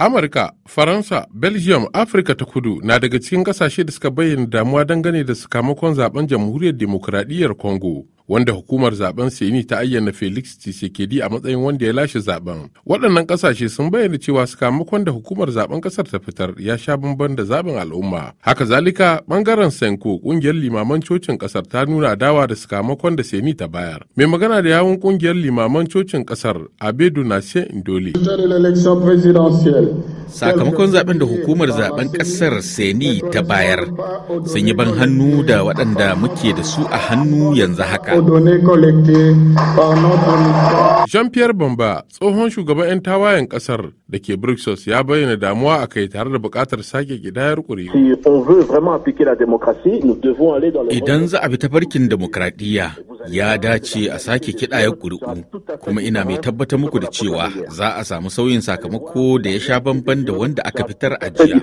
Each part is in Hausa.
Amurka, Faransa, Belgium, Afirka ta kudu na daga cikin kasashe da suka bayyana damuwa dangane da sakamakon zaben jamhuriyar demokuraɗiyyar Congo. wanda hukumar zaben Seni ta ayyana Felix Tshisekedi a matsayin wanda ya lashe zaben. Waɗannan ƙasashe sun bayyana cewa sakamakon da hukumar zaben ƙasar ta fitar ya sha bamban da zaben al'umma. Haka zalika ɓangaren Senko ƙungiyar limaman cocin ƙasar ta nuna dawa da sakamakon da Seni ta bayar. Mai magana da yawun ƙungiyar limaman cocin ƙasar Abedu nasir Indole. sakamakon zaben da hukumar zaben kasar seni ta bayar sun yi ban hannu da waɗanda muke da su a hannu yanzu haka jean-pierre bamba tsohon shugaban 'yan tawayen kasar da ke bruxelles ya bayyana damuwa a kai tare da buƙatar sake gidayar ƙuri'u idan za a bi tafarkin demokradiyya ya dace a sake kiɗa ya ƙuri'u kuma ina mai tabbatar muku da cewa za a samu sauyin sakamako da ya sha bamban da wanda aka fitar a jiya.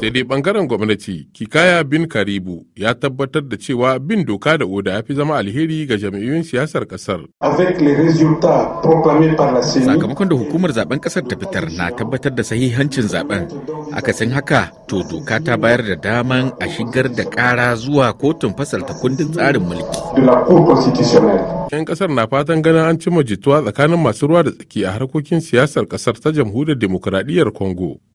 Sai dai bangaren gwamnati Kikaya bin Karibu ya tabbatar da cewa bin doka da oda ya fi zama alheri ga jami'in siyasar ƙasar. Sakamakon da hukumar zaben ƙasar ta fitar na tabbatar da sahihancin zaben. Akasin haka to doka ta bayar da daman a shigar da kara zuwa kotun fasalta kundin tsarin mulki. Yan kasar na fatan ganin an cimma jituwa tsakanin masu ruwa da tsaki a harkokin siyasar kasar ta jamhuriyar demokuraɗiyyar Congo.